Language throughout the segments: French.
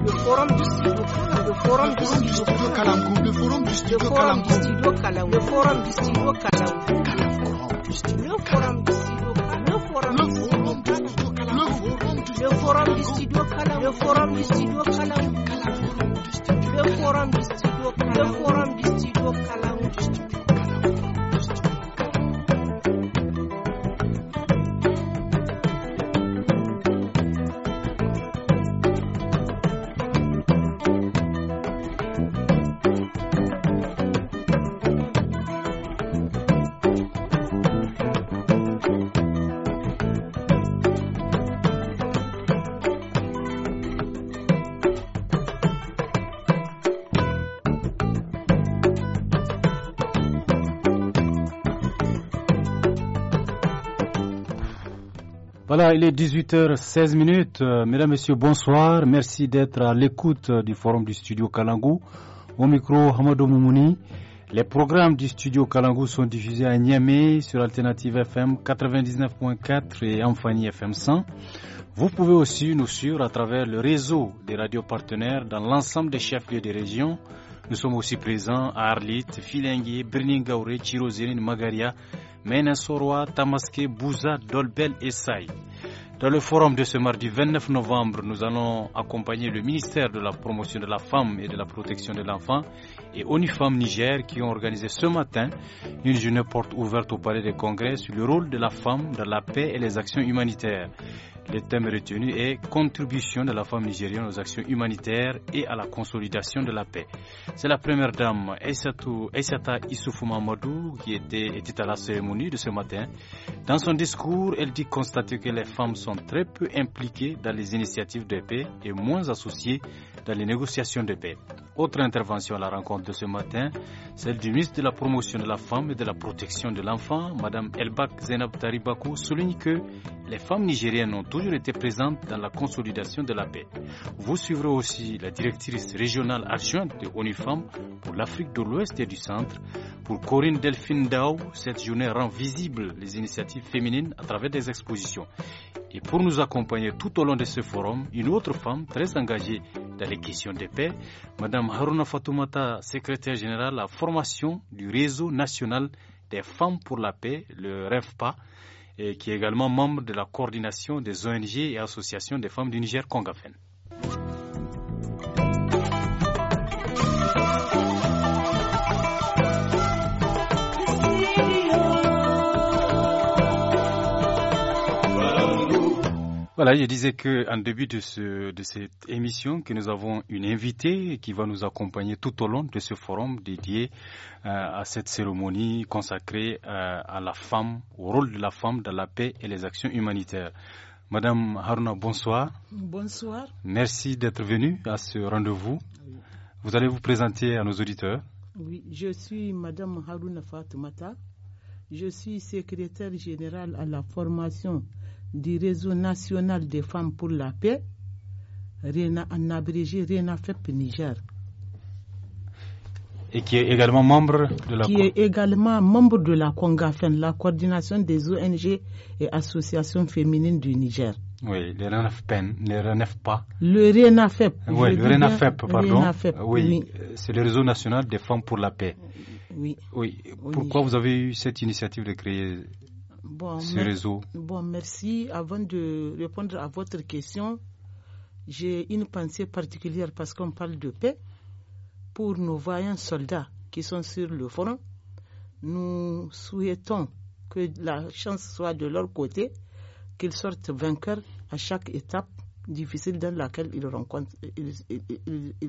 The forum the forum, the forum du studio Kalamkou the forum du the forum, the forum du the forum, the forum du the forum, the forum du the forum, the forum du the forum, the forum du the forum, the forum du the forum, the forum du studio Kalamkou il est 18h16 minutes. Euh, mesdames, Messieurs, bonsoir. Merci d'être à l'écoute euh, du forum du studio Kalangou. Au micro, Hamadou Moumouni. Les programmes du studio Kalangou sont diffusés à Niamey sur Alternative FM 99.4 et Amphani FM 100. Vous pouvez aussi nous suivre à travers le réseau des radios partenaires dans l'ensemble des chefs-lieux des régions. Nous sommes aussi présents à Arlit, Filengue, Birningaure, Chirozirine, Magaria, Tamaské, Bouza, Dolbel et Saï. Dans le forum de ce mardi 29 novembre, nous allons accompagner le ministère de la promotion de la femme et de la protection de l'enfant et ONU Niger qui ont organisé ce matin une journée porte ouverte au palais des congrès sur le rôle de la femme dans la paix et les actions humanitaires. Le thème retenu est Contribution de la femme nigérienne aux actions humanitaires et à la consolidation de la paix. C'est la première dame, Essata Issoufou Mamadou, qui était à la cérémonie de ce matin. Dans son discours, elle dit constater que les femmes sont très peu impliquées dans les initiatives de paix et moins associées dans les négociations de paix. Autre intervention à la rencontre de ce matin, celle du ministre de la Promotion de la Femme et de la Protection de l'Enfant, Mme Elbak Zenab Taribakou, souligne que les femmes nigériennes ont toujours été présentes dans la consolidation de la paix. Vous suivrez aussi la directrice régionale adjointe de ONU Femmes pour l'Afrique de l'Ouest et du Centre. Pour Corinne Delphine Dao, cette journée rend visible les initiatives féminines à travers des expositions. Et pour nous accompagner tout au long de ce forum, une autre femme très engagée dans les questions de paix, Madame Haruna Fatoumata, secrétaire générale à formation du réseau national des femmes pour la paix, le REFPA, et qui est également membre de la coordination des ONG et associations des femmes du Niger Congafen. Voilà, je disais qu'en début de, cette émission, que nous avons une invitée qui va nous accompagner tout au long de ce forum dédié euh, à cette cérémonie consacrée euh, à la femme, au rôle de la femme dans la paix et les actions humanitaires. Madame Haruna, bonsoir. Bonsoir. Merci d'être venue à ce rendez-vous. Vous allez vous présenter à nos auditeurs. Oui, je suis Madame Haruna Fatoumata. Je suis secrétaire générale à la formation du réseau national des femmes pour la paix, RENA, en abrégé RENAFEP Niger. Et qui est également membre de la Qui est également membre de la CONGAFEN, la coordination des ONG et associations féminines du Niger. Oui, le RENAFPEN, le pas. Le RENAFEP. Oui, le RENAFEP, pardon. oui, euh, c'est le réseau national des femmes pour la paix. Oui. oui. Pourquoi vous avez eu cette initiative de créer bon, Bon, merci. Avant de répondre à votre question, j'ai une pensée particulière parce qu'on parle de paix. Pour nos voyants soldats qui sont sur le front, nous souhaitons que la chance soit de leur côté, qu'ils sortent vainqueurs à chaque étape difficile dans laquelle ils rencontrent.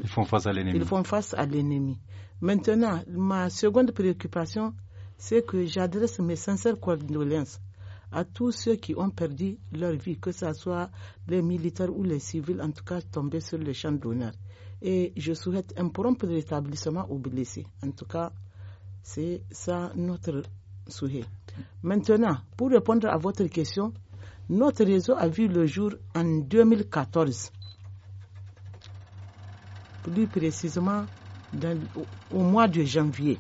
font face à l'ennemi. Ils font face à l'ennemi. Maintenant, ma seconde préoccupation, c'est que j'adresse mes sincères condoléances à tous ceux qui ont perdu leur vie, que ce soit les militaires ou les civils, en tout cas tombés sur le champ d'honneur. Et je souhaite un prompt rétablissement aux blessés. En tout cas, c'est ça notre souhait. Maintenant, pour répondre à votre question, notre réseau a vu le jour en 2014. Plus précisément, au mois de janvier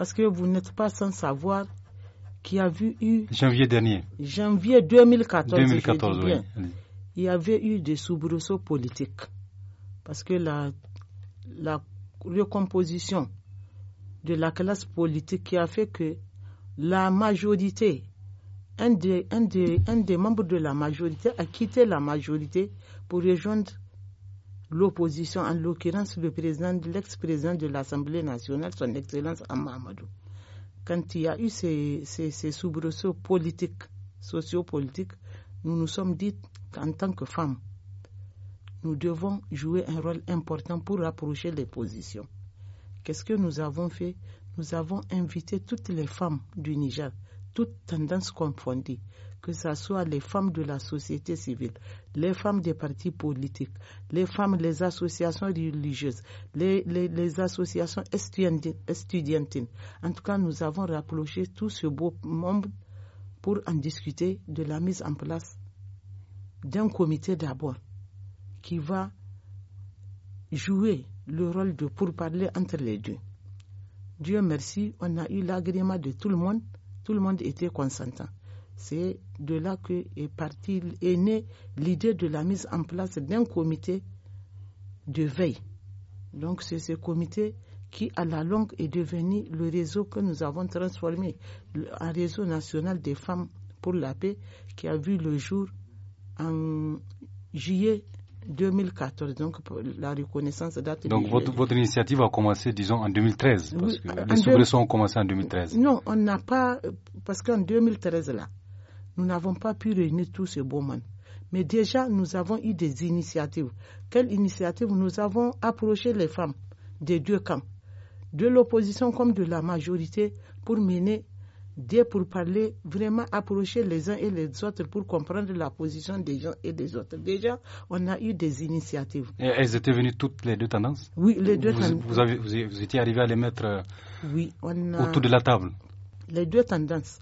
parce que vous n'êtes pas sans savoir qu'il y a eu. Janvier dernier. Janvier 2014. Il y avait eu des soubresauts politiques parce que la, la recomposition de la classe politique qui a fait que la majorité, un des membres de la majorité a quitté la majorité pour rejoindre l'opposition, en l'occurrence le président, l'ex-président de l'Assemblée nationale, son Excellence Amadou. Quand il y a eu ces, ces, ces soubresauts politiques, sociopolitiques, nous nous sommes dit qu'en tant que femmes, nous devons jouer un rôle important pour rapprocher les positions. Qu'est-ce que nous avons fait Nous avons invité toutes les femmes du Niger, toutes tendances confondues, que ce soit les femmes de la société civile, les femmes des partis politiques, les femmes, les associations religieuses, les, associations estudiantines. En tout cas, nous avons rapproché tout ce beau membres pour en discuter de la mise en place d'un comité d'abord qui va jouer le rôle de pourparler entre les deux. Dieu merci, on a eu l'agrément de tout le monde, tout le monde était consentant. C'est de là que est est née l'idée de la mise en place d'un comité de veille. Donc c'est ce comité qui, à la longue, est devenu le réseau que nous avons transformé, un réseau national des femmes pour la paix, qui a vu le jour en juillet 2014. Donc, la reconnaissance date Donc, votre, votre, initiative a commencé, disons, en 2013, parce que les soubresauts ont commencé en 2013. Non, on n'a pas... Parce qu'en 2013, là, nous n'avons pas pu réunir tous ces beaux monde. Mais déjà, nous avons eu des initiatives. Quelles initiatives Nous avons approché les femmes des deux camps, de l'opposition comme de la majorité, pour mener des parler, vraiment approcher les uns et les autres pour comprendre la position des gens et des autres. Déjà, on a eu des initiatives. Et elles étaient venues toutes les deux tendances Oui, les deux tendances. Vous, étiez arrivé à les mettre euh, autour de la table Les deux tendances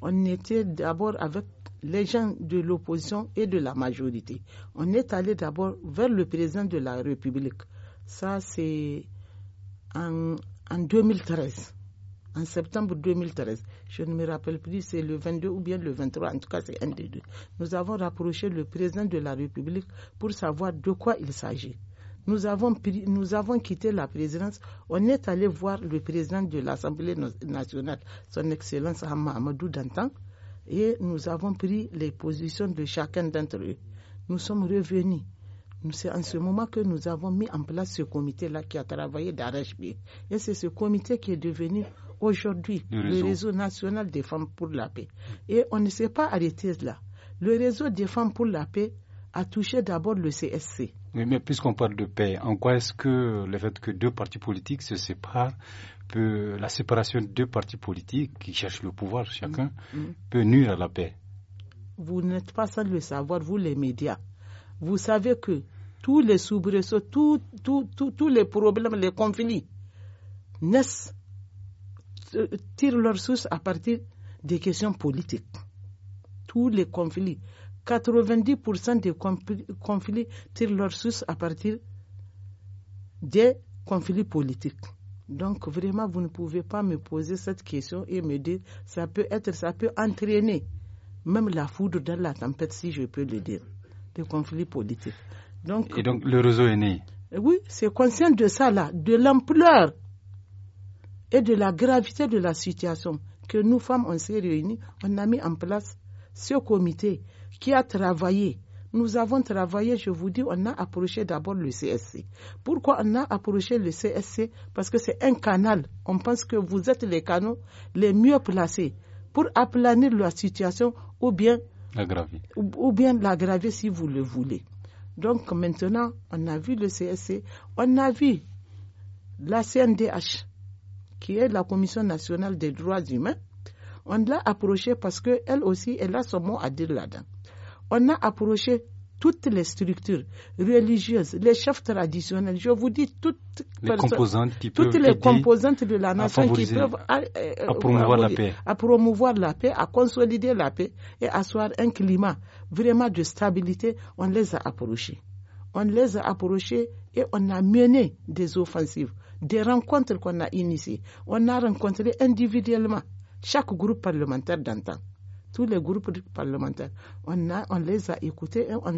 on était d'abord avec les gens de l'opposition et de la majorité. On est allé d'abord vers le président de la République. Ça, c'est en, 2013 en septembre 2013. Je ne me rappelle plus, c'est le 22 ou bien le 23, en tout cas c'est un des deux. Nous avons rapproché le président de la République pour savoir de quoi il s'agit. Nous avons, nous avons quitté la présidence. On est allé voir le président de l'Assemblée nationale, son Excellence Hamadou Dantan, et nous avons pris les positions de chacun d'entre eux. Nous sommes revenus. C'est en ce moment que nous avons mis en place ce comité-là qui a travaillé d'arrache-pied. Et c'est ce comité qui est devenu aujourd'hui le, le réseau national des femmes pour la paix. Et on ne s'est pas arrêté là. Le réseau des femmes pour la paix a touché d'abord le CSC mais puisqu'on parle de paix, en quoi est-ce que le fait que deux partis politiques se séparent la séparation de deux partis politiques qui cherchent le pouvoir chacun, mm, mm. peut nuire à la paix Vous n'êtes pas sans le savoir, vous les médias. Vous savez que tous les soubresauts, tous, tous les problèmes, les conflits naissent, euh, tirent leur source à partir des questions politiques. Tous les conflits, 90% des conflits tirent leur source à partir des conflits politiques. Donc vraiment, vous ne pouvez pas me poser cette question et me dire ça peut être, ça peut entraîner même la foudre dans la tempête, si je peux le dire, des conflits politiques. Donc, et donc le réseau est né eh Oui, c'est conscient de ça là, de l'ampleur et de la gravité de la situation que nous femmes, on s'est réunis, on a mis en place ce comité qui a travaillé. Nous avons travaillé, je vous dis, on a approché d'abord le CSC. Pourquoi on a approché le CSC Parce que c'est un canal. On pense que vous êtes les canaux les mieux placés pour aplanir la situation ou bien l'aggraver ou, si vous le voulez. Donc maintenant, on a vu le CSC, on a vu la CNDH, qui est la Commission nationale des droits humains. On l'a approché parce qu'elle aussi, elle a son mot à dire là-dedans on a approché toutes les structures religieuses, les chefs traditionnels, je vous dis toutes les composantes, toutes les composantes de la nation qui peuvent euh, à, promouvoir la euh, paix, à promouvoir la paix, à consolider la paix et asseoir un climat vraiment de stabilité, on les a approchés. On les a approchés et on a mené des offensives, des rencontres qu'on a initiées. On a rencontré individuellement chaque groupe parlementaire d'antan tous les groupes parlementaires. On, les a écoutés, hein, on,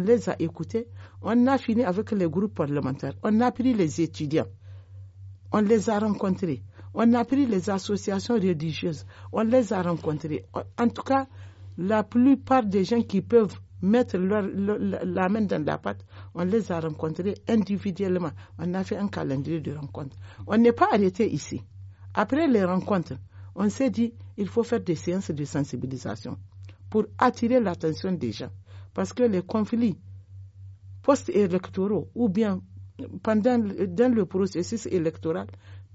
les, a, écoutés. On a fini avec les groupes parlementaires. On a pris les étudiants. On les a rencontrés. On a pris les associations religieuses. On les a rencontrés. En tout cas, la plupart des gens qui peuvent mettre la main dans la pâte, on les a rencontrés individuellement. On a fait un calendrier de rencontres. On n'est pas arrêté ici. Après les rencontres, on s'est dit, il faut faire des séances de sensibilisation pour attirer l'attention des gens. Parce que les conflits post-électoraux ou bien pendant, dans le processus électoral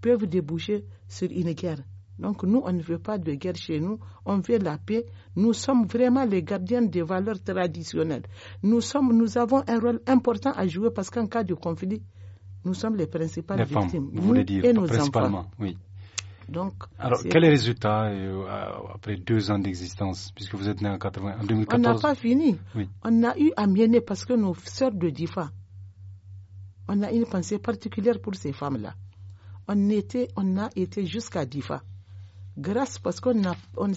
peuvent déboucher sur une guerre. Donc nous, on ne veut pas de guerre chez nous, on veut la paix. Nous sommes vraiment les gardiens des valeurs traditionnelles. Nous, sommes, avons un rôle important à jouer parce qu'en cas de conflit, nous sommes les principales victimes. vous nous voulez dire, Oui. Donc, Alors, quel est le résultat euh, euh, après deux ans d'existence, puisque vous êtes né en, 2014 On n'a pas fini. On a eu à Miené parce que nos sœurs de Difa, on a une pensée particulière pour ces femmes-là. On, était, on a été jusqu'à Difa. Grâce parce qu'on n'a on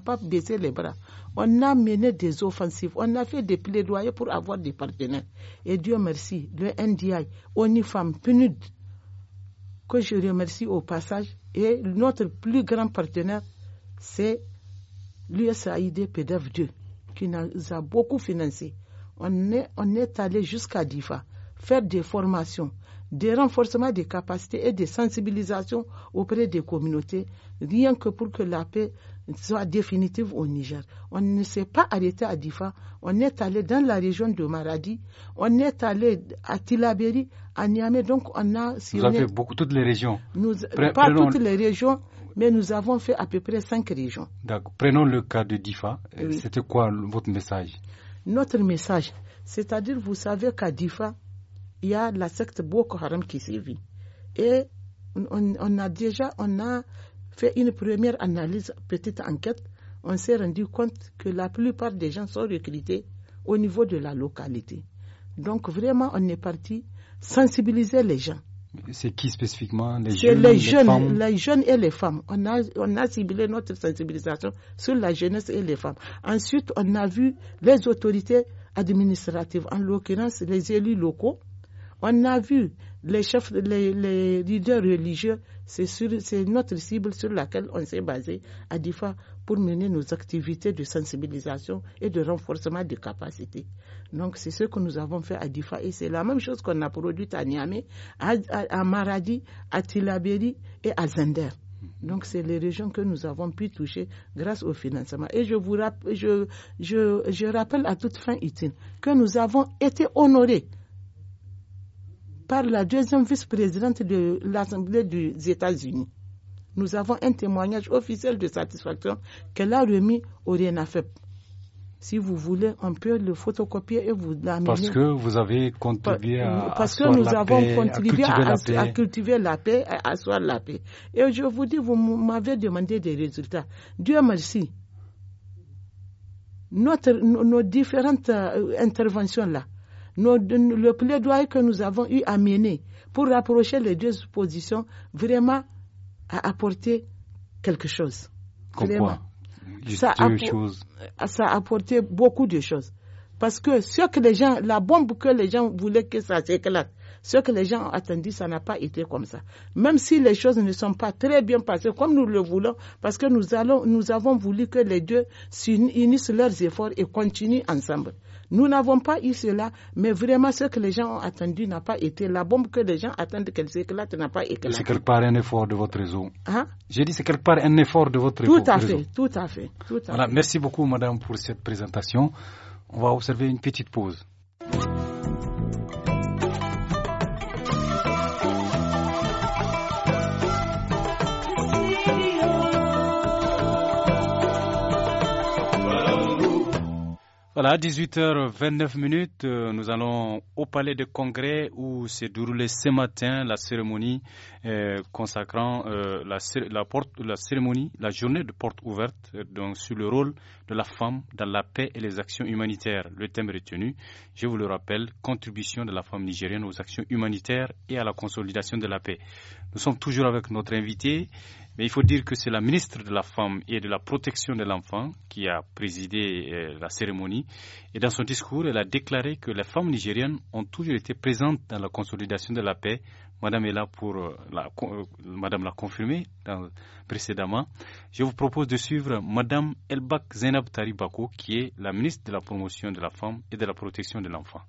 pas baissé les bras. On a mené des offensives. On a fait des plaidoyers pour avoir des partenaires. Et Dieu merci, le NDI, ONIFAM, PNUD, que je remercie au passage, et notre plus grand partenaire, c'est l'USAID pdf 2, qui nous a beaucoup financé. On on est allé jusqu'à DIFA, faire des formations, des renforcements des capacités et des sensibilisations auprès des communautés, rien que pour que la paix soit définitive au Niger. On ne s'est pas arrêté à Difa, on est allé dans la région de Maradi, on est allé à Tilaberi, à Niamey, donc on a... vous avez fait beaucoup, toutes les régions. pas toutes les régions, mais nous avons fait à peu près cinq régions. Prenons le cas de Difa. C'était quoi votre message Notre message, c'est-à-dire, vous savez qu'à Difa, il y a la secte Boko Haram qui sévit. Et on, on, a déjà, on a fait une première analyse, petite enquête, on s'est rendu compte que la plupart des gens sont recrutés au niveau de la localité. Donc vraiment, on est parti sensibiliser les gens. C'est qui spécifiquement les jeunes, les, et les femmes. On a, on a ciblé notre sensibilisation sur la jeunesse et les femmes. Ensuite, on a vu les autorités administratives, en l'occurrence les élus locaux. On a vu les chefs, les, leaders religieux, c'est notre cible sur laquelle on s'est basé à DIFA pour mener nos activités de sensibilisation et de renforcement des capacités. Donc c'est ce que nous avons fait à DIFA et c'est la même chose qu'on a produite à Niamey, à, à, Maradi, à Tilaberi et à Zender. Donc, c'est les régions que nous avons pu toucher grâce au financement. Et je vous je, je rappelle à toute fin utile que nous avons été honorés par la deuxième vice-présidente de l'Assemblée des États-Unis. Nous avons un témoignage officiel de satisfaction qu'elle a remis au RENAFEP. Si vous voulez, on peut le photocopier et vous l'amener. Parce que vous avez contribué à Parce que nous avons contribué à cultiver, la paix, à asseoir la paix. Et je vous dis, vous m'avez demandé des résultats. Dieu merci. Notre, nos différentes euh, interventions là, nos, le plaidoyer que nous avons eu à mener pour rapprocher les deux positions vraiment a apporté quelque chose. Comme ça, a, apporté beaucoup de choses. Parce que ce que les gens, la bombe que les gens voulaient que ça s'éclate, ce que les gens ont attendu, ça n'a pas été comme ça. Même si les choses ne sont pas très bien passées comme nous le voulons, parce que nous nous avons voulu que les deux unissent leurs efforts et continuent ensemble. Nous n'avons pas eu cela, mais vraiment ce que les gens ont attendu n'a pas été. La bombe que les gens attendent qu'elle s'éclate n'a pas éclaté. C'est quelque part un effort de votre réseau. Hein? J'ai dit c'est quelque part un effort de votre réseau. tout réseau. À fait, tout à fait. Tout à voilà, Merci beaucoup, madame, pour cette présentation. On va observer une petite pause. Voilà, 18h29 minutes, euh, nous allons au Palais de Congrès où s'est déroulée ce matin la cérémonie euh, consacrant euh, la, la, porte, la cérémonie, la journée de porte ouverte donc sur le rôle de la femme dans la paix et les actions humanitaires. Le thème retenu, je vous le rappelle, contribution de la femme nigérienne aux actions humanitaires et à la consolidation de la paix. Nous sommes toujours avec notre invité, mais il faut dire que c'est la ministre de la Femme et de la Protection de l'Enfant qui a présidé euh, la cérémonie. Et dans son discours, elle a déclaré que les femmes nigériennes ont toujours été présentes dans la consolidation de la paix. Madame est là pour euh, la, euh, Madame l'a confirmé précédemment. Je vous propose de suivre Madame Elbak Zainab Taribako, qui est la ministre de la Promotion de la Femme et de la Protection de l'Enfant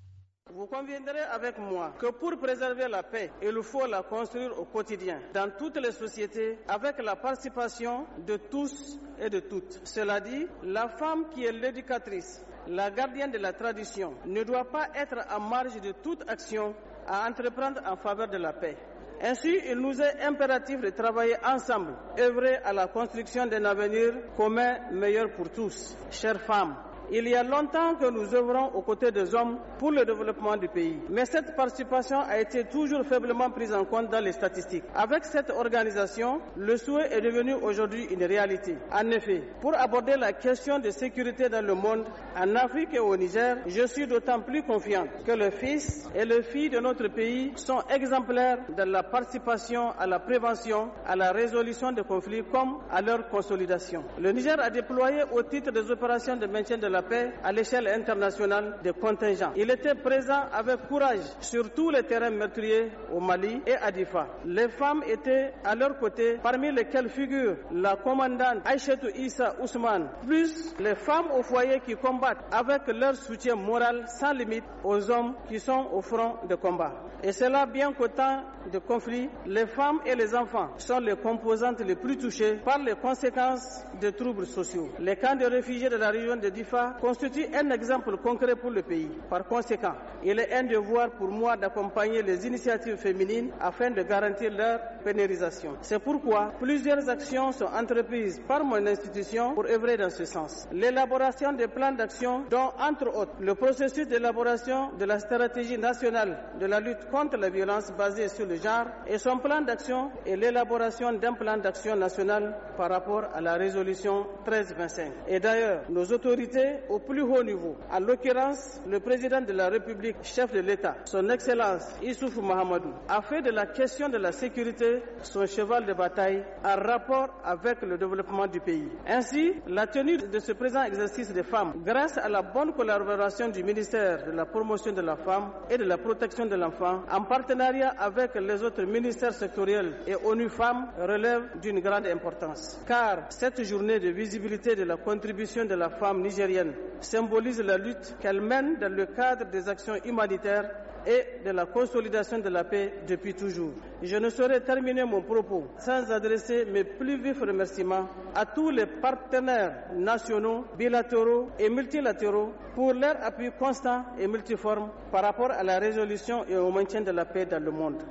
conviendrez avec moi que pour préserver la paix, il faut la construire au quotidien, dans toutes les sociétés, avec la participation de tous et de toutes. Cela dit, la femme qui est l'éducatrice, la gardienne de la tradition, ne doit pas être à marge de toute action à entreprendre en faveur de la paix. Ainsi, il nous est impératif de travailler ensemble, œuvrer à la construction d'un avenir commun meilleur pour tous. Chères femmes, il y a longtemps que nous œuvrons aux côtés des hommes pour le développement du pays. Mais cette participation a été toujours faiblement prise en compte dans les statistiques. Avec cette organisation, le souhait est devenu aujourd'hui une réalité. En effet, pour aborder la question de sécurité dans le monde, en Afrique et au Niger, je suis d'autant plus confiante que le fils et le fille de notre pays sont exemplaires dans la participation à la prévention, à la résolution des conflits comme à leur consolidation. Le Niger a déployé au titre des opérations de maintien de la paix à l'échelle internationale des contingents. Il était présent avec courage sur tous les terrains meurtriers au Mali et à Difa. Les femmes étaient à leur côté, parmi lesquelles figure la commandante Aïchetou Issa Ousmane, plus les femmes au foyer qui combattent avec leur soutien moral sans limite aux hommes qui sont au front de combat. Et cela bien qu'au temps de conflit, les femmes et les enfants sont les composantes les plus touchées par les conséquences des troubles sociaux. Les camps de réfugiés de la région de Difa constitue un exemple concret pour le pays. Par conséquent, il est un devoir pour moi d'accompagner les initiatives féminines afin de garantir leur pénalisation. C'est pourquoi plusieurs actions sont entreprises par mon institution pour œuvrer dans ce sens. L'élaboration des plans d'action, dont entre autres le processus d'élaboration de la stratégie nationale de la lutte contre la violence basée sur le genre et son plan d'action et l'élaboration d'un plan d'action national par rapport à la résolution 1325. Et d'ailleurs, nos autorités au plus haut niveau. À l'occurrence, le président de la République, chef de l'État, son Excellence Issoufou Mahamadou, a fait de la question de la sécurité son cheval de bataille en rapport avec le développement du pays. Ainsi, la tenue de ce présent exercice des femmes, grâce à la bonne collaboration du ministère de la promotion de la femme et de la protection de l'enfant, en partenariat avec les autres ministères sectoriels et ONU Femmes, relève d'une grande importance. Car cette journée de visibilité de la contribution de la femme nigérienne symbolise la lutte qu'elle mène dans le cadre des actions humanitaires et de la consolidation de la paix depuis toujours. Je ne saurais terminer mon propos sans adresser mes plus vifs remerciements à tous les partenaires nationaux, bilatéraux et multilatéraux pour leur appui constant et multiforme par rapport à la résolution et au maintien de la paix dans le monde.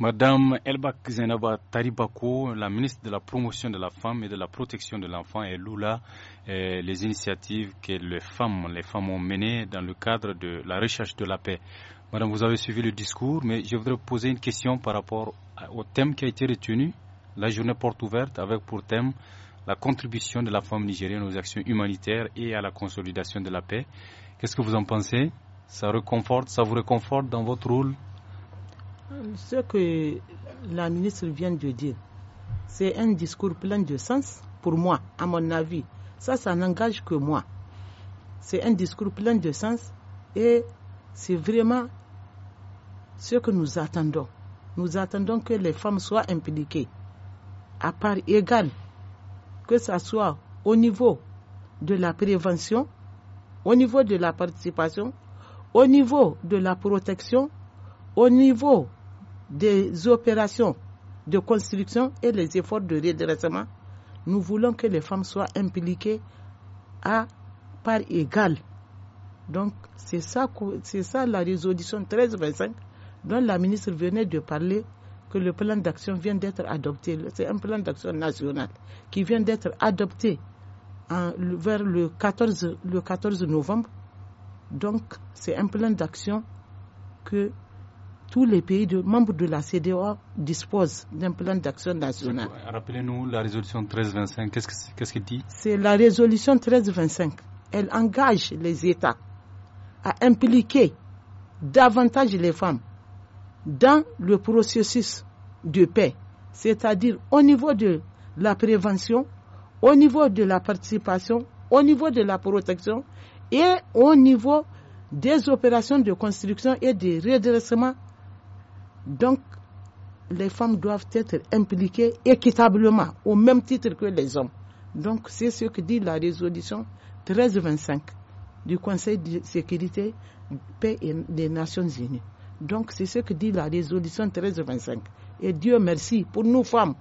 Madame Elbak Zenaba Taribako, la ministre de la Promotion de la Femme et de la Protection de l'Enfant, et Lula les initiatives que les femmes, les femmes ont menées dans le cadre de la recherche de la paix. Madame, vous avez suivi le discours, mais je voudrais poser une question par rapport au thème qui a été retenu, la journée porte ouverte, avec pour thème la contribution de la femme nigérienne aux actions humanitaires et à la consolidation de la paix. Qu'est-ce que vous en pensez ça, réconforte, ça vous réconforte dans votre rôle euh, Ce que la ministre vient de dire, c'est un discours plein de sens pour moi, à mon avis. Ça, ça n'engage que moi. C'est un discours plein de sens et c'est vraiment ce que nous attendons. Nous attendons que les femmes soient impliquées à part égale, que ce soit au niveau de la prévention, au niveau de la participation, au niveau de la protection, au niveau des opérations de construction et les efforts de redressement nous voulons que les femmes soient impliquées à part égale. Donc, c'est ça, ça la résolution 1325 dont la ministre venait de parler, que le plan d'action vient d'être adopté. C'est un plan d'action national qui vient d'être adopté vers le 14, le 14 novembre. Donc, c'est un plan d'action que tous les pays membres de la CDO disposent d'un plan d'action national. Euh, rappelez-nous la résolution 1325, qu'est-ce qu'elle dit C'est la résolution 1325. Elle engage les États à impliquer davantage les femmes dans le processus de paix, c'est-à-dire au niveau de la prévention, au niveau de la participation, au niveau de la protection et au niveau des opérations de construction et de redressement donc, les femmes doivent être impliquées équitablement, au même titre que les hommes. Donc, c'est ce que dit la résolution 1325 du Conseil de sécurité, paix et des Nations Unies. Donc, c'est ce que dit la résolution 1325. Et Dieu merci pour nous femmes,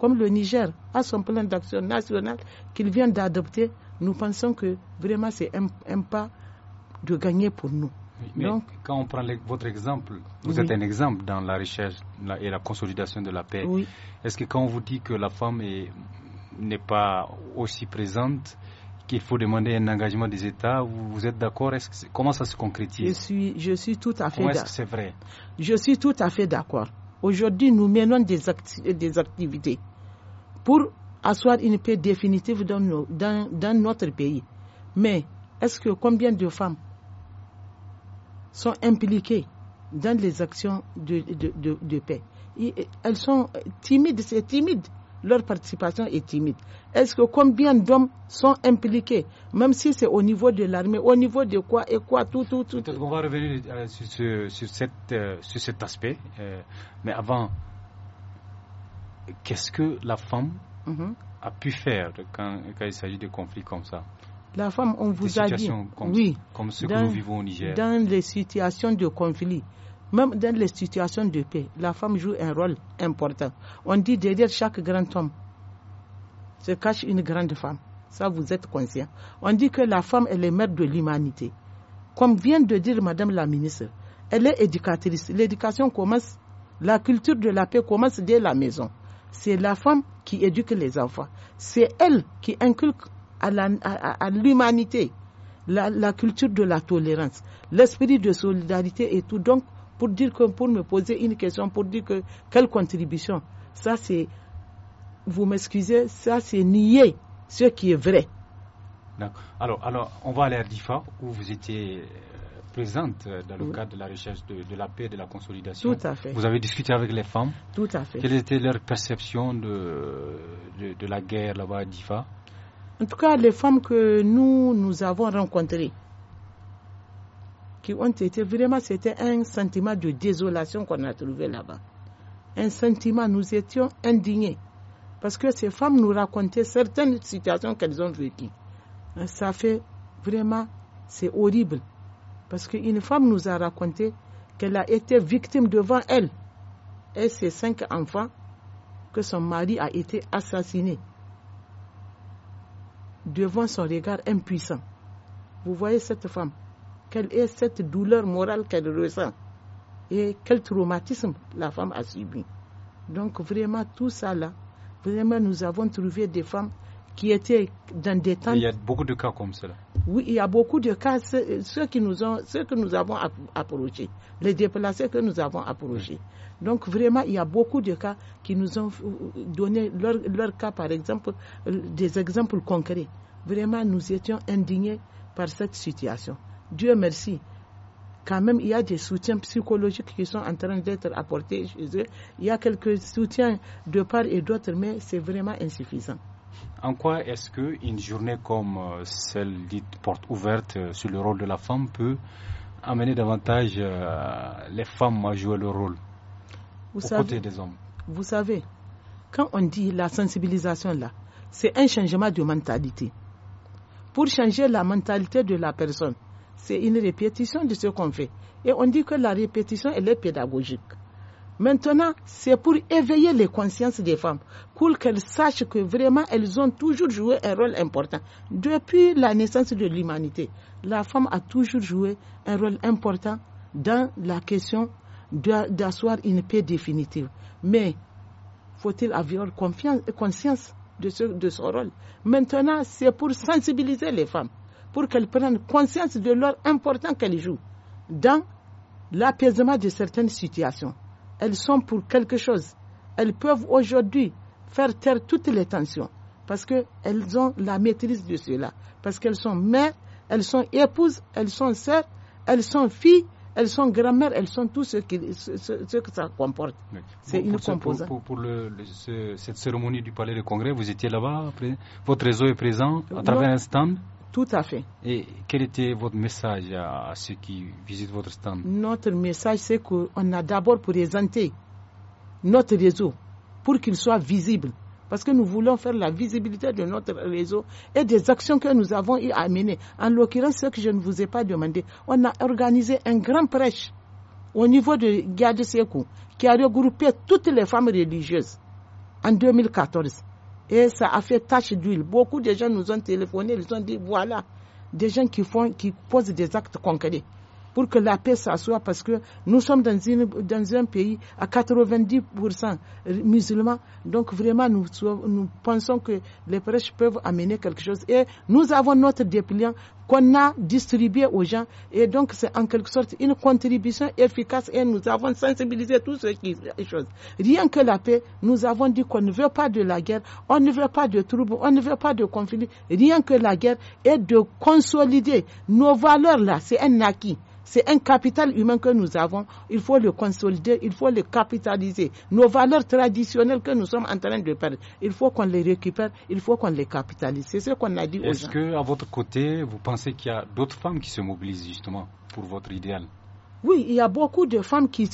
comme le Niger a son plan d'action national qu'il vient d'adopter, nous pensons que vraiment c'est un, un pas de gagner pour nous quand on prend votre exemple, vous êtes un exemple dans la recherche et la consolidation de la paix. Est-ce que quand on vous dit que la femme n'est pas aussi présente, qu'il faut demander un engagement des États, vous, êtes d'accord Comment ça se concrétise je suis, je suis tout à fait d'accord. est-ce c'est vrai Je suis tout à fait d'accord. Aujourd'hui, nous menons des, activités pour asseoir une paix définitive dans notre pays. Mais est-ce que combien de femmes sont impliquées dans les actions de, paix. elles sont timides, c'est timide. Leur participation est timide. Est-ce que combien d'hommes sont impliqués, même si c'est au niveau de l'armée, au niveau de quoi et quoi, tout, tout, tout. On va revenir euh, euh, sur, cet aspect. Euh, mais avant, qu'est-ce que la femme mm-hmm. a pu faire quand il s'agit de conflits comme ça la femme, on vous a dit, oui, ce dans, Dans les situations de conflit, même dans les situations de paix, la femme joue un rôle important. On dit derrière chaque grand homme se cache une grande femme. Ça, vous êtes conscient. On dit que la femme, elle est mère de l'humanité. Comme vient de dire Madame la ministre, elle est éducatrice. L'éducation commence, la culture de la paix commence dès la maison. C'est la femme qui éduque les enfants. C'est elle qui inculque à l'humanité, la, culture de la tolérance, l'esprit de solidarité et tout. Donc, pour dire que, pour me poser une question, pour dire que quelle contribution, ça c'est, vous m'excusez, ça c'est nier ce qui est vrai. Alors, alors, on va aller à DIFA, où vous étiez euh, présente dans le cadre de la recherche de, la paix et de la consolidation. Tout à fait. Vous avez discuté avec les femmes. Tout à fait. Quelle était leur perception de, de, de la guerre là-bas à Difa en tout cas, les femmes que nous, nous avons rencontrées, qui ont été vraiment, c'était un sentiment de désolation qu'on a trouvé là-bas. Un sentiment, nous étions indignés. Parce que ces femmes nous racontaient certaines situations qu'elles ont vécues. Euh, ça fait vraiment, c'est horrible. Parce qu'une femme nous a raconté qu'elle a été victime devant elle et ses cinq enfants, que son mari a été assassiné devant son regard impuissant. Vous voyez cette femme, quelle est cette douleur morale qu'elle ressent et quel traumatisme la femme a subi. Donc vraiment tout ça là, vraiment nous avons trouvé des femmes qui étaient dans des temps... il y a beaucoup de cas comme cela. Oui, il y a beaucoup de cas, ceux, qui nous ont, ceux que nous avons approchés, les déplacés que nous avons approchés. Mm. Donc vraiment, il y a beaucoup de cas qui nous ont euh, donné leur, cas, par exemple, euh, des exemples concrets. Vraiment, nous étions indignés par cette situation. Dieu merci, quand même, il y a des soutiens psychologiques qui sont en train d'être apportés Il y a quelques soutiens de part et d'autre, mais c'est vraiment insuffisant. En quoi est-ce qu'une journée comme euh, celle dite porte ouverte euh, sur le rôle de la femme peut amener davantage euh, les femmes à jouer le rôle vous aux des hommes Vous savez, quand on dit la sensibilisation là, c'est un changement de mentalité. Pour changer la mentalité de la personne, c'est une répétition de ce qu'on fait. Et on dit que la répétition, elle est pédagogique. Maintenant, c'est pour éveiller les consciences des femmes, pour qu'elles sachent que vraiment elles ont toujours joué un rôle important. Depuis la naissance de l'humanité, la femme a toujours joué un rôle important dans la question d'asseoir une paix définitive. Mais faut-il avoir conscience de, ce, de son rôle Maintenant, c'est pour sensibiliser les femmes, pour qu'elles prennent conscience de l'ordre important qu'elles jouent dans l'apaisement de certaines situations elles sont pour quelque chose. Elles peuvent aujourd'hui faire taire toutes les tensions parce qu'elles ont la maîtrise de cela, parce qu'elles sont mères, elles sont épouses, elles sont sœurs, elles sont filles, elles sont grand-mères, elles sont tout ce, que ça comporte. C'est une composante. Pour, cette cérémonie du Palais de Congrès, vous étiez là-bas, votre réseau est présent à travers un stand tout à fait. Et quel était votre message à ceux qui visitent votre stand Notre message, c'est qu'on a d'abord présenté notre réseau pour qu'il soit visible. Parce que nous voulons faire la visibilité de notre réseau et des actions que nous avons amenées. En l'occurrence, ce que je ne vous ai pas demandé, on a organisé un grand prêche au niveau de Gadi Sekou qui a regroupé toutes les femmes religieuses en 2014. Et ça a fait tache d'huile. Beaucoup de gens nous ont téléphoné, ils ont dit voilà, des gens qui font, qui posent des actes concrets pour que la paix s'assoie parce que nous sommes dans, dans un pays à 90% musulmans. Donc vraiment, nous, nous pensons que les prêches peuvent amener quelque chose. Et nous avons notre dépliant qu'on a distribué aux gens. Et donc, c'est en quelque sorte une contribution efficace et nous avons sensibilisé tous ceux qui choses. Rien que la paix, nous avons dit qu'on ne veut pas de la guerre, on ne veut pas de troubles, on ne veut pas de conflits. Rien que la guerre est de consolider nos valeurs là, c'est un acquis. C'est un capital humain que nous avons. Il faut le consolider, il faut le capitaliser. Nos valeurs traditionnelles que nous sommes en train de perdre, il faut qu'on les récupère, il faut qu'on les capitalise. C'est ce qu'on a dit aujourd'hui. Est-ce que, à votre côté, vous pensez qu'il y a d'autres femmes qui se mobilisent justement pour votre idéal oui, il y a beaucoup de femmes qui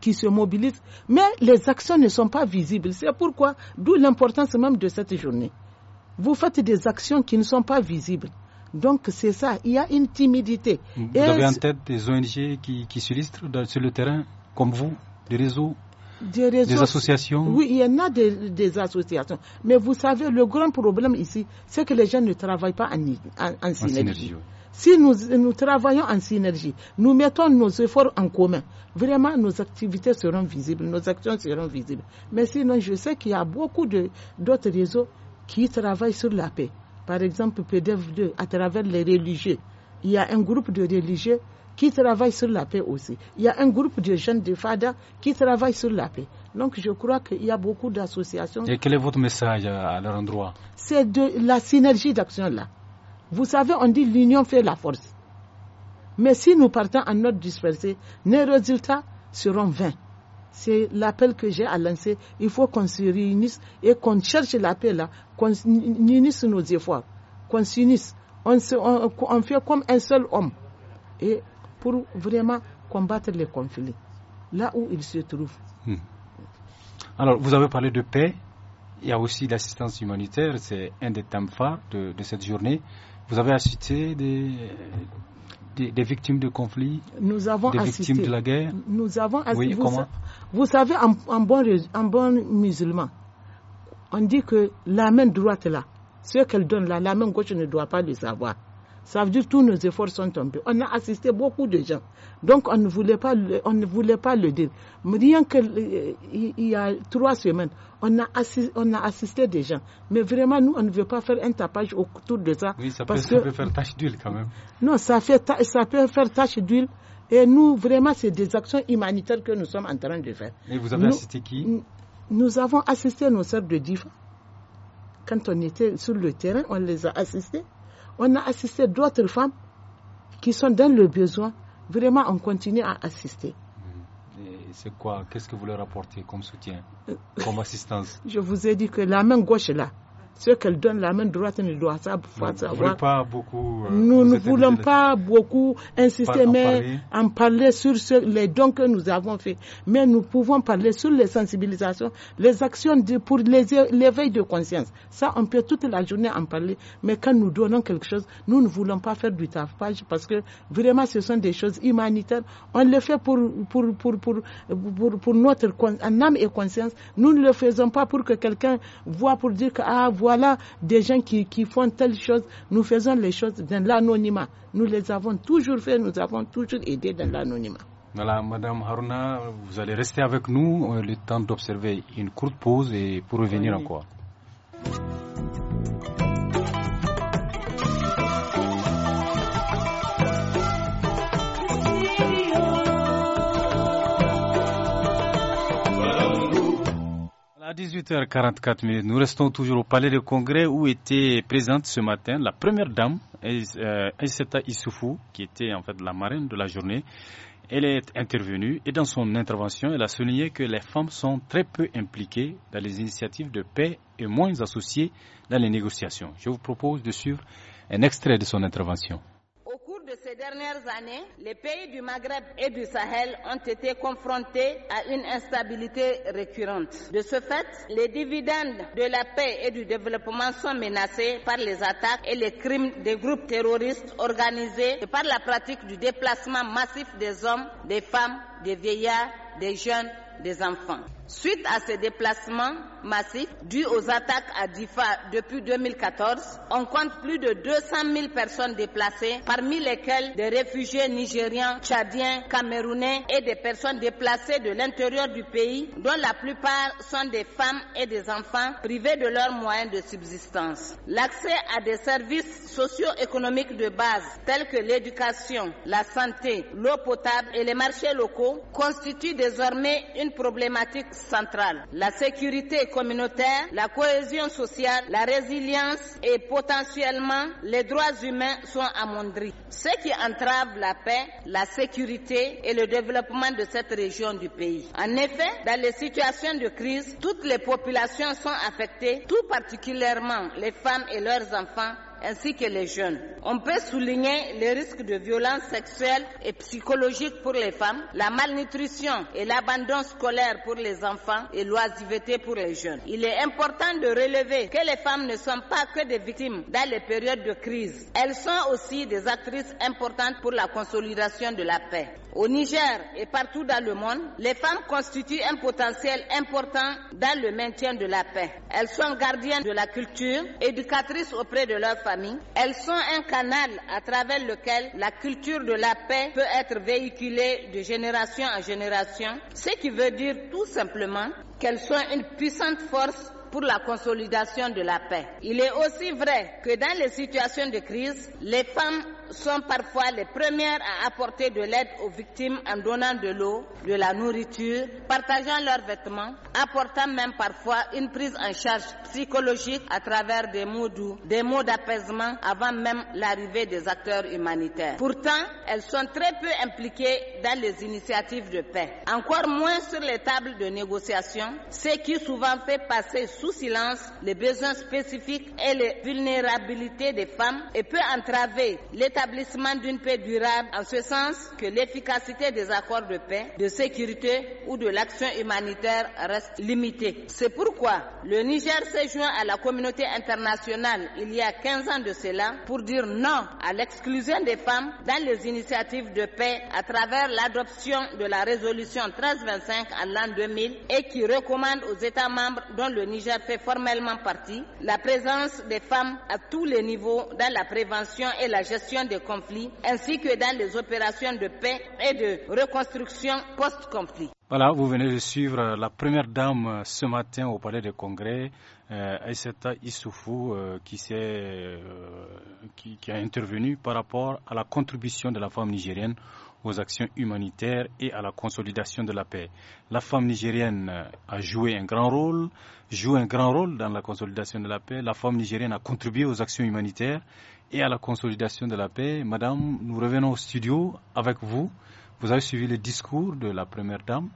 qui se mobilisent, mais les actions ne sont pas visibles. C'est pourquoi, d'où l'importance même de cette journée. Vous faites des actions qui ne sont pas visibles. Donc c'est ça, il y a une timidité. Vous avez en tête des ONG qui, se s'illustrent sur le terrain, comme vous, des réseaux des, associations Oui, il y en a des, associations. Mais vous savez, le grand problème ici, c'est que les gens ne travaillent pas en, synergie. Si nous, nous travaillons en synergie, nous mettons nos efforts en commun, vraiment nos activités seront visibles, nos actions seront visibles. Mais sinon, je sais qu'il y a beaucoup d'autres réseaux qui travaillent sur la paix. Par exemple, PDF 2, à travers les religieux. Il y a un groupe de religieux qui travaille sur la paix aussi. Il y a un groupe de jeunes de FADA qui travaille sur la paix. Donc je crois qu'il y a beaucoup d'associations. Et quel est votre message à leur endroit C'est de la synergie d'action là. Vous savez, on dit l'union fait la force. Mais si nous partons en notre dispersé, nos résultats seront vains. C'est l'appel que j'ai à lancer. Il faut qu'on se réunisse et qu'on cherche la paix là, qu'on unisse nos efforts, qu'on s'unisse. On, on, fait comme un seul homme. Et pour vraiment combattre les conflits, là où ils se trouvent. Hmm. Alors, vous avez parlé de paix. Il y a aussi l'assistance humanitaire. C'est un des thèmes phares de, cette journée. Vous avez cité des, des, victimes de conflits, nous avons des assisté, victimes de la guerre. Nous avons assisté. vous, savez, en, bon, musulman, on dit que la main droite là, ce qu'elle donne là, la main gauche ne doit pas le savoir. Ça veut dire que tous nos efforts sont tombés. On a assisté beaucoup de gens. Donc on ne voulait pas le, on ne voulait pas le dire. Mais rien que euh, il y a trois semaines, on a assisté, on a assisté des gens. Mais vraiment, nous, on ne veut pas faire un tapage autour de ça. ça, parce peut, ça peut faire tache d'huile quand même. Non, ça, fait, ça peut faire tache d'huile. Et nous, vraiment, c'est des actions humanitaires que nous sommes en train de faire. Et vous avez assisté qui Nous avons assisté nos sœurs de Diva. Quand on était sur le terrain, on les a assistées. On a assisté d'autres femmes qui sont dans le besoin. Vraiment, on continue à assister. Mm. Et C'est quoi Qu'est-ce que vous leur apportez comme soutien, euh, comme assistance Je vous ai dit que la main gauche, est là, ce qu'elle donne, la main droite ne doit pas beaucoup, euh, nous ne voulons pas beaucoup insister, mais en parler sur les dons que nous avons faits. Mais nous pouvons parler sur les sensibilisations, les actions pour l'éveil de conscience. Ça, on peut toute la journée en parler. Mais quand nous donnons quelque chose, nous ne voulons pas faire du tapage parce que vraiment, ce sont des choses humanitaires. On le fait pour, pour, pour, pour, pour, pour notre âme et conscience. Nous ne le faisons pas pour que quelqu'un voit pour dire que, ah, voilà des gens qui, font telle chose. Nous faisons les choses dans l'anonymat. Nous les avons toujours fait, nous avons toujours aidé dans l'anonymat. Voilà, Madame Haruna, vous allez rester avec nous euh, le temps d'observer une courte pause et pour revenir encore. À 18h44, nous restons toujours au Palais de Congrès où était présente ce matin la première dame, euh, Aïsseta Issoufou, qui était en fait la marraine de la journée. Elle est intervenue et dans son intervention, elle a souligné que les femmes sont très peu impliquées dans les initiatives de paix et moins associées dans les négociations. Je vous propose de suivre un extrait de son intervention ces dernières années, les pays du Maghreb et du Sahel ont été confrontés à une instabilité récurrente. De ce fait, les dividendes de la paix et du développement sont menacés par les attaques et les crimes des groupes terroristes organisés et par la pratique du déplacement massif des hommes, des femmes, des vieillards, des jeunes, des enfants. Suite à ces déplacements massifs dus aux attaques à Difa depuis 2014, on compte plus de 200 000 personnes déplacées, parmi lesquelles des réfugiés nigériens, tchadiens, camerounais et des personnes déplacées de l'intérieur du pays, dont la plupart sont des femmes et des enfants privés de leurs moyens de subsistance. L'accès à des services socio-économiques de base tels que l'éducation, la santé, l'eau potable et les marchés locaux constitue désormais une problématique centrale. La sécurité communautaire, la cohésion sociale, la résilience et potentiellement les droits humains sont amondris. Ce qui entrave la paix, la sécurité et le développement de cette région du pays. En effet, dans les situations de crise, toutes les populations sont affectées, tout particulièrement les femmes et leurs enfants ainsi que les jeunes. On peut souligner les risques de violences sexuelles et psychologiques pour les femmes, la malnutrition et l'abandon scolaire pour les enfants et l'oisiveté pour les jeunes. Il est important de relever que les femmes ne sont pas que des victimes dans les périodes de crise. Elles sont aussi des actrices importantes pour la consolidation de la paix. Au Niger et partout dans le monde, les femmes constituent un potentiel important dans le maintien de la paix. Elles sont gardiennes de la culture, éducatrices auprès de leurs familles elles sont un canal à travers lequel la culture de la paix peut être véhiculée de génération en génération, ce qui veut dire tout simplement qu'elles sont une puissante force pour la consolidation de la paix. Il est aussi vrai que dans les situations de crise, les femmes sont parfois les premières à apporter de l'aide aux victimes en donnant de l'eau, de la nourriture, partageant leurs vêtements, apportant même parfois une prise en charge psychologique à travers des mots doux, des mots d'apaisement avant même l'arrivée des acteurs humanitaires. Pourtant, elles sont très peu impliquées dans les initiatives de paix, encore moins sur les tables de négociation, ce qui souvent fait passer sous silence les besoins spécifiques et les vulnérabilités des femmes et peut entraver l'état l'établissement d'une paix durable en ce sens que l'efficacité des accords de paix, de sécurité ou de l'action humanitaire reste limitée. C'est pourquoi le Niger s'est joint à la communauté internationale il y a 15 ans de cela pour dire non à l'exclusion des femmes dans les initiatives de paix à travers l'adoption de la résolution 1325 en l'an 2000 et qui recommande aux États membres dont le Niger fait formellement partie la présence des femmes à tous les niveaux dans la prévention et la gestion de conflits ainsi que dans les opérations de paix et de reconstruction post-conflit. Voilà, vous venez de suivre la première dame euh, ce matin au Palais de Congrès, euh, Issoufou, euh, qui, euh, qui, qui a intervenu par rapport à la contribution de la femme nigérienne aux actions humanitaires et à la consolidation de la paix. La femme nigérienne a joué un grand rôle, joue un grand rôle dans la consolidation de la paix. La femme nigérienne a contribué aux actions humanitaires et à la consolidation de la paix. Madame, nous revenons au studio avec vous. Vous avez suivi le discours de la Première Dame.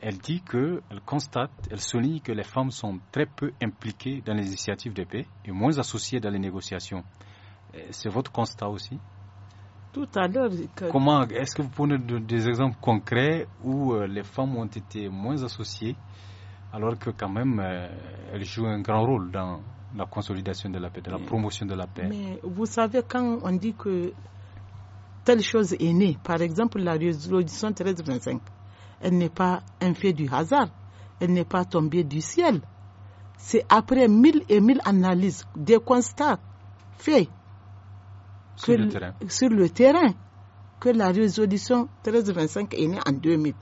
Elle dit que, elle constate, elle souligne que les femmes sont très peu impliquées dans les initiatives de paix et moins associées dans les négociations. Euh, c'est votre constat aussi Tout à l'heure. Comment Est-ce que vous pouvez des exemples concrets où euh, les femmes ont été moins associées alors que quand même euh, elles jouent un grand rôle dans la consolidation de la paix, de la promotion de la paix. Mais vous savez, quand on dit que telle chose est née, par exemple la résolution 1325, elle n'est pas un fait du hasard, elle n'est pas tombée du ciel. C'est après mille et mille analyses, des constats faits sur, le, terrain. que la résolution 1325 est née en 2000.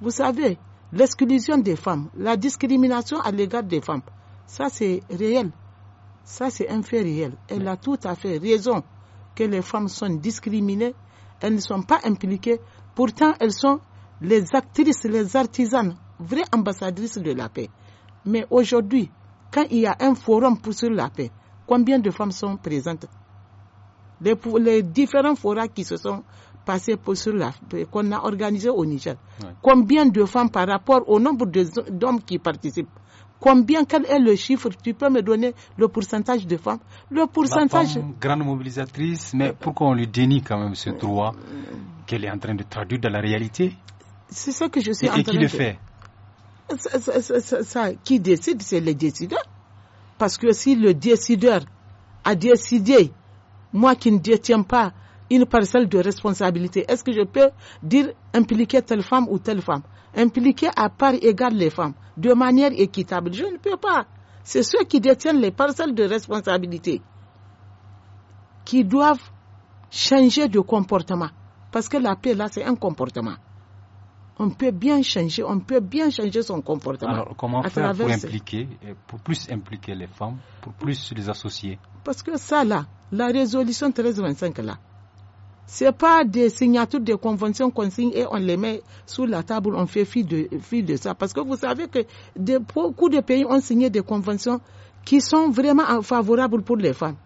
Vous savez, l'exclusion des femmes, la discrimination à l'égard des femmes, ça, c'est réel. Ça, c'est un fait réel. Elle a tout à fait raison que les femmes sont discriminées. Elles ne sont pas impliquées. Pourtant, elles sont les actrices, les artisanes, vraies ambassadrices de la paix. Mais aujourd'hui, quand il y a un forum pour sur la paix, combien de femmes sont présentes les, différents forums qui se sont passés pour sur la paix qu'on a organisés au Niger, combien de femmes par rapport au nombre d'hommes qui participent Combien, quel est le chiffre Tu peux me donner le pourcentage de femmes Le pourcentage. femme, grande mobilisatrice, mais pourquoi on lui dénie quand même ce droit qu'elle est en train de traduire dans la réalité C'est ça que je suis en train de. Et qui le fait Qui décide C'est le décideur. Parce que si le décideur a décidé, moi qui ne détiens pas une parcelle de responsabilité. Est-ce que je peux dire impliquer telle femme ou telle femme Impliquer à part égale les femmes, de manière équitable. Je ne peux pas. C'est ceux qui détiennent les parcelles de responsabilité qui doivent changer de comportement. Parce que la paix, là, c'est un comportement. On peut bien changer, on peut bien changer son comportement. Alors, comment faire pour impliquer, euh, pour plus impliquer les femmes, pour plus les associer Parce que ça, là, la résolution 1325, là, ce n'est pas des signatures de conventions qu'on signe et on les met sur la table, on fait fi de, ça. Parce que vous savez que beaucoup de pays ont signé des conventions qui sont vraiment favorables pour les femmes.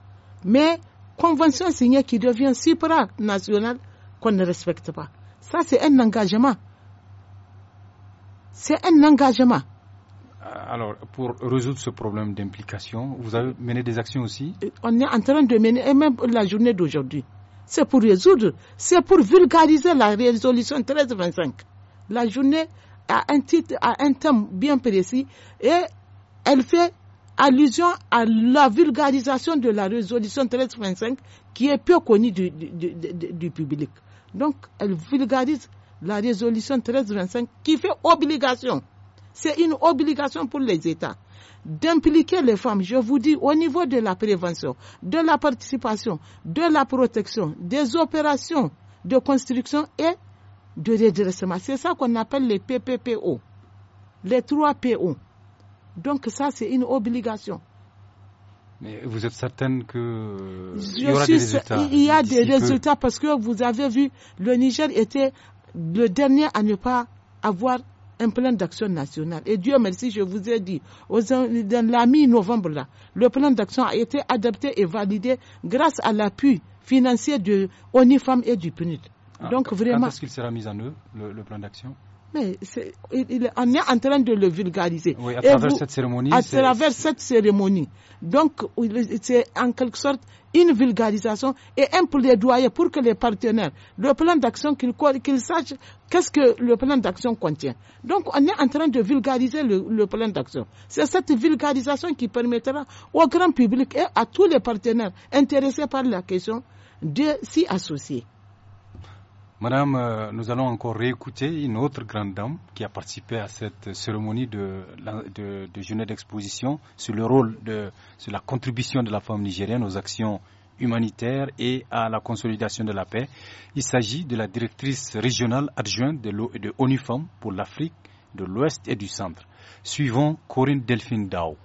Mais convention signée qui devient supranationale qu'on ne respecte pas. Ça, c'est un engagement. C'est un engagement. Euh, alors, pour résoudre ce problème d'implication, vous avez mené des actions aussi On est en train de mener, et même la journée d'aujourd'hui c'est pour résoudre, c'est pour vulgariser la résolution 1325. La journée a un titre, a un thème bien précis et elle fait allusion à la vulgarisation de la résolution 1325 qui est peu connue du, du public. Donc, elle vulgarise la résolution 1325 qui fait obligation. C'est une obligation pour les États d'impliquer les femmes, je vous dis, au niveau de la prévention, de la participation, de la protection, des opérations de construction et de redressement. C'est ça qu'on appelle les PPPO, les 3 PO. Donc ça, c'est une obligation. Mais vous êtes certaine que euh, il y aura des résultats Il y a des résultats parce que vous avez vu, le Niger était le dernier à ne pas avoir un plan d'action national. Et Dieu merci, je vous ai dit, dans la mi-novembre, là, le plan d'action a été adapté et validé grâce à l'appui financier de ONIFAM et du PNUD. Ah, Donc vraiment. Quand est-ce qu'il sera mis en œuvre, le plan d'action mais il, on est en train de le vulgariser. Oui, à travers, cette, cérémonie, à travers cette cérémonie. Donc, c'est en quelque sorte une vulgarisation et un plaidoyer pour que les partenaires, le plan d'action, qu'ils sachent qu'est-ce que le plan d'action contient. Donc, on est en train de vulgariser le plan d'action. C'est cette vulgarisation qui permettra au grand public et à tous les partenaires intéressés par la question de s'y associer. Madame, euh, nous allons encore réécouter une autre grande dame qui a participé à cette cérémonie de, journée d'exposition sur le rôle de sur la contribution de la femme nigérienne aux actions humanitaires et à la consolidation de la paix. Il s'agit de la directrice régionale adjointe de, de Femmes pour l'Afrique de l'Ouest et du Centre. Suivons Corinne Delphine Dao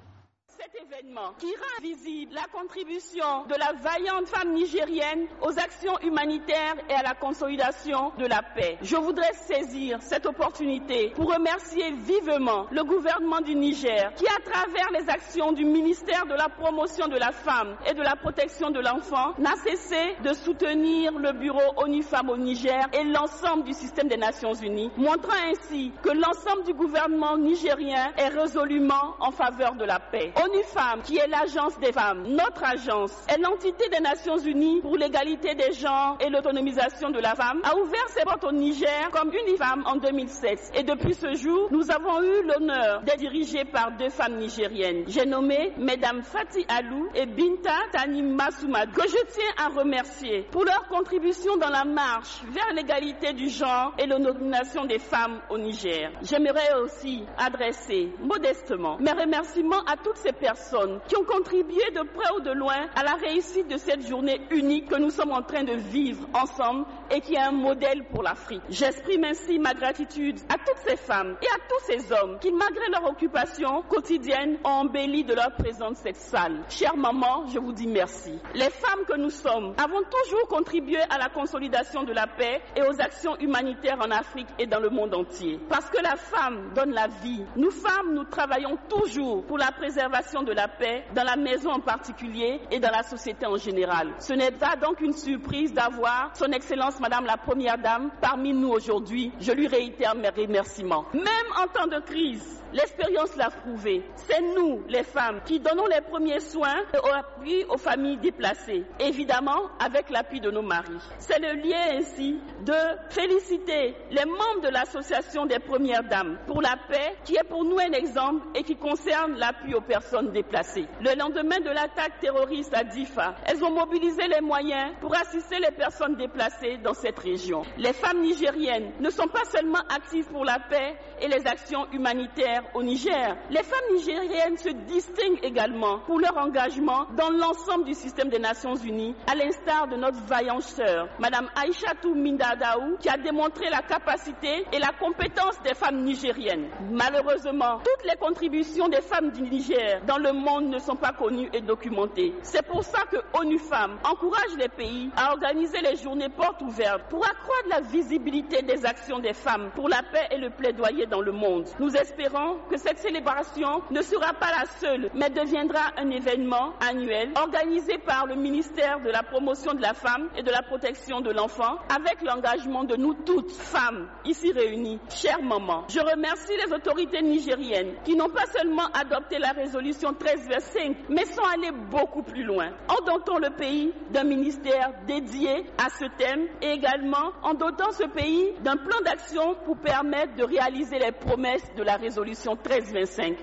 qui rend visible la contribution de la vaillante femme nigérienne aux actions humanitaires et à la consolidation de la paix. Je voudrais saisir cette opportunité pour remercier vivement le gouvernement du Niger qui, à travers les actions du ministère de la promotion de la femme et de la protection de l'enfant, n'a cessé de soutenir le bureau ONU Femmes au Niger et l'ensemble du système des Nations Unies, montrant ainsi que l'ensemble du gouvernement nigérien est résolument en faveur de la paix. ONU Femmes, qui est l'Agence des femmes. Notre agence est l'entité des Nations Unies pour l'égalité des genres et l'autonomisation de la femme, a ouvert ses portes au Niger comme UNIFEM en 2007. Et depuis ce jour, nous avons eu l'honneur d'être dirigés par deux femmes nigériennes. J'ai nommé Mesdames Fatih Alou et Binta Tani que je tiens à remercier pour leur contribution dans la marche vers l'égalité du genre et l'autonomisation des femmes au Niger. J'aimerais aussi adresser modestement mes remerciements à toutes ces personnes qui ont contribué de près ou de loin à la réussite de cette journée unique que nous sommes en train de vivre ensemble et qui est un modèle pour l'Afrique. J'exprime ainsi ma gratitude à toutes ces femmes et à tous ces hommes qui, malgré leur occupation quotidienne, ont embelli de leur présence cette salle. Chère maman, je vous dis merci. Les femmes que nous sommes avons toujours contribué à la consolidation de la paix et aux actions humanitaires en Afrique et dans le monde entier. Parce que la femme donne la vie. Nous femmes, nous travaillons toujours pour la préservation de la paix dans la maison en particulier et dans la société en général. Ce n'est pas donc une surprise d'avoir son Excellence Madame la Première Dame parmi nous aujourd'hui. Je lui réitère mes remerciements. Même en temps de crise, L'expérience l'a prouvé. C'est nous, les femmes, qui donnons les premiers soins et appui aux familles déplacées, évidemment avec l'appui de nos maris. C'est le lien ainsi de féliciter les membres de l'association des Premières Dames pour la paix, qui est pour nous un exemple et qui concerne l'appui aux personnes déplacées. Le lendemain de l'attaque terroriste à Difa, elles ont mobilisé les moyens pour assister les personnes déplacées dans cette région. Les femmes nigériennes ne sont pas seulement actives pour la paix et les actions humanitaires, au Niger. Les femmes nigériennes se distinguent également pour leur engagement dans l'ensemble du système des Nations Unies, à l'instar de notre vaillante sœur, Madame Aïchatou Mindadaou, qui a démontré la capacité et la compétence des femmes nigériennes. Malheureusement, toutes les contributions des femmes du Niger dans le monde ne sont pas connues et documentées. C'est pour ça que ONU Femmes encourage les pays à organiser les journées portes ouvertes pour accroître la visibilité des actions des femmes pour la paix et le plaidoyer dans le monde. Nous espérons que cette célébration ne sera pas la seule, mais deviendra un événement annuel organisé par le ministère de la promotion de la femme et de la protection de l'enfant avec l'engagement de nous toutes, femmes, ici réunies. Chères mamans, je remercie les autorités nigériennes qui n'ont pas seulement adopté la résolution 13-5, mais sont allées beaucoup plus loin. En dotant le pays d'un ministère dédié à ce thème et également en dotant ce pays d'un plan d'action pour permettre de réaliser les promesses de la résolution 13 1325.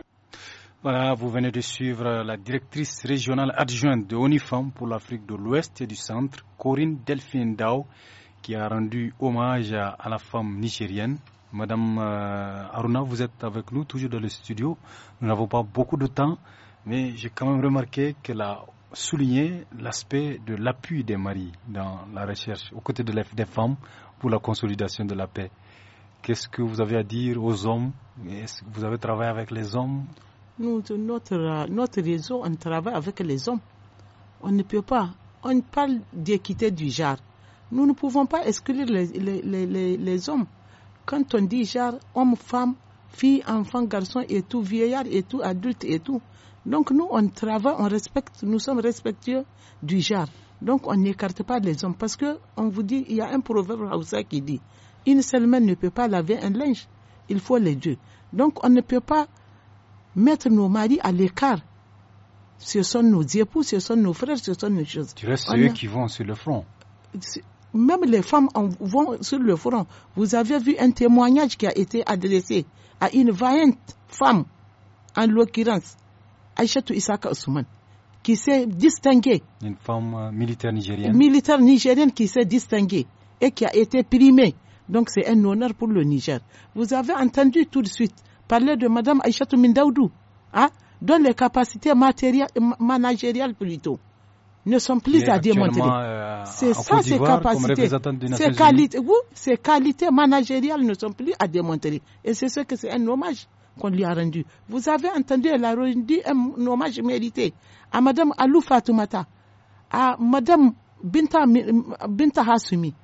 Voilà, vous venez de suivre la directrice régionale adjointe de ONIFAM pour l'Afrique de l'Ouest et du Centre, Corinne Delphine Dao, qui a rendu hommage à, la femme nigérienne. Madame euh, Aruna, vous êtes avec nous, toujours dans le studio. Nous n'avons pas beaucoup de temps, mais j'ai quand même remarqué qu'elle a souligné l'aspect de l'appui des maris dans la recherche aux côtés des femmes pour la consolidation de la paix. Qu'est-ce que vous avez à dire aux hommes Est-ce que vous avez travaillé avec les hommes notre, réseau, on travaille avec les hommes. On ne peut pas. On parle d'équité du genre. Nous ne pouvons pas exclure les, hommes. Quand on dit genre, homme, femme, fille, enfant, garçon et tout, vieillard et tout, adulte et tout. Donc nous, on travaille, on respecte, nous sommes respectueux du genre. Donc on n'écarte pas les hommes parce que on vous dit, il y a un proverbe ça qui dit une seule main ne peut pas laver un linge. Il faut les deux. Donc on ne peut pas mettre nos maris à l'écart. Ce sont nos époux, ce sont nos frères, ce sont nos choses. Tu restes ceux qui vont sur le front. Même les femmes vont sur le front. Vous avez vu un témoignage qui a été adressé à une vaillante femme, en l'occurrence, Aïchatou Isaka Ousmane, qui s'est distinguée. Une femme euh, militaire nigérienne. Militaire nigérienne qui s'est distinguée et qui a été primée donc c'est un honneur pour le Niger. Vous avez entendu tout de suite parler de Madame Aïchatou Mindaoudou, hein, dont les capacités matérielles, managériales plutôt ne sont plus à démontrer. Euh, c'est ça, ces capacités. Ces qualités, ces qualités managériales ne sont plus à démontrer. Et c'est ce que c'est un hommage qu'on lui a rendu. Vous avez entendu, elle a rendu un hommage mérité à Madame Alou Fatoumata, à Madame Binta, Binta Hassoumi,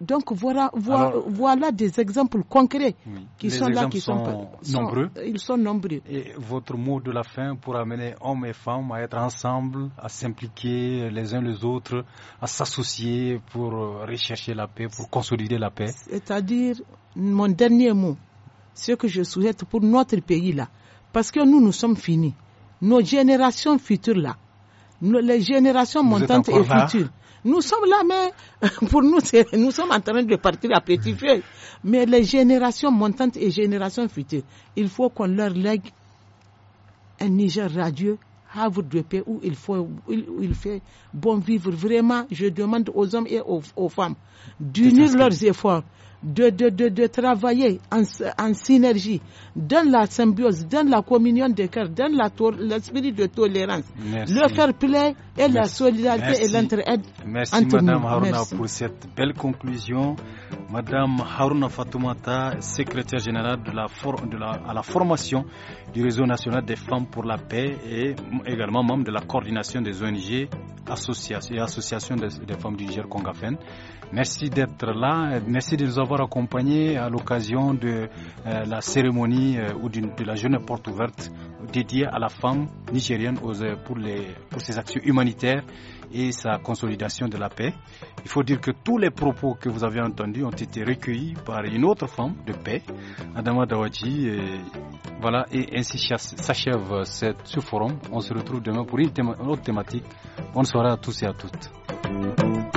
donc euh, voilà, des exemples concrets qui sont là, qui sont, nombreux. Ils sont nombreux. Et votre mot de la fin pour amener hommes et femmes à être ensemble, à s'impliquer les uns les autres, à s'associer pour euh, rechercher la paix, pour consolider la paix. C'est-à-dire, mon dernier mot, ce que je souhaite pour notre pays là, parce que nous, nous sommes finis. Nos générations futures là, les générations montantes et futures. Nous sommes là, mais pour nous, nous sommes en train de partir à petit feu. Mais les générations montantes et générations futures, il faut qu'on leur lègue un Niger radieux, havre de paix où il, faut, fait bon vivre. Vraiment, je demande aux hommes et aux femmes d'unir leurs efforts de, de, de, travailler en, en, synergie, dans la symbiose, dans la communion des cœurs dans l'esprit de tolérance, le faire plaire et la solidarité et l'entraide. Merci Madame Haruna pour cette belle conclusion. Madame Haruna Fatoumata, secrétaire générale de la, de la, à la formation du réseau national des femmes pour la paix et également membre de la coordination des ONG associations, et associations des, des femmes du Niger Congafen. Merci d'être là. Merci de nous avoir accompagnés à l'occasion de euh, la cérémonie euh, ou de la jeune porte ouverte dédiée à la femme nigérienne euh, pour, ses actions humanitaires et sa consolidation de la paix. Il faut dire que tous les propos que vous avez entendus ont été recueillis par une autre femme de paix, Adama Dawaji. Et voilà, et ainsi s'achève ce forum. On se retrouve demain pour une, une autre thématique. Bonne soirée à tous et à toutes.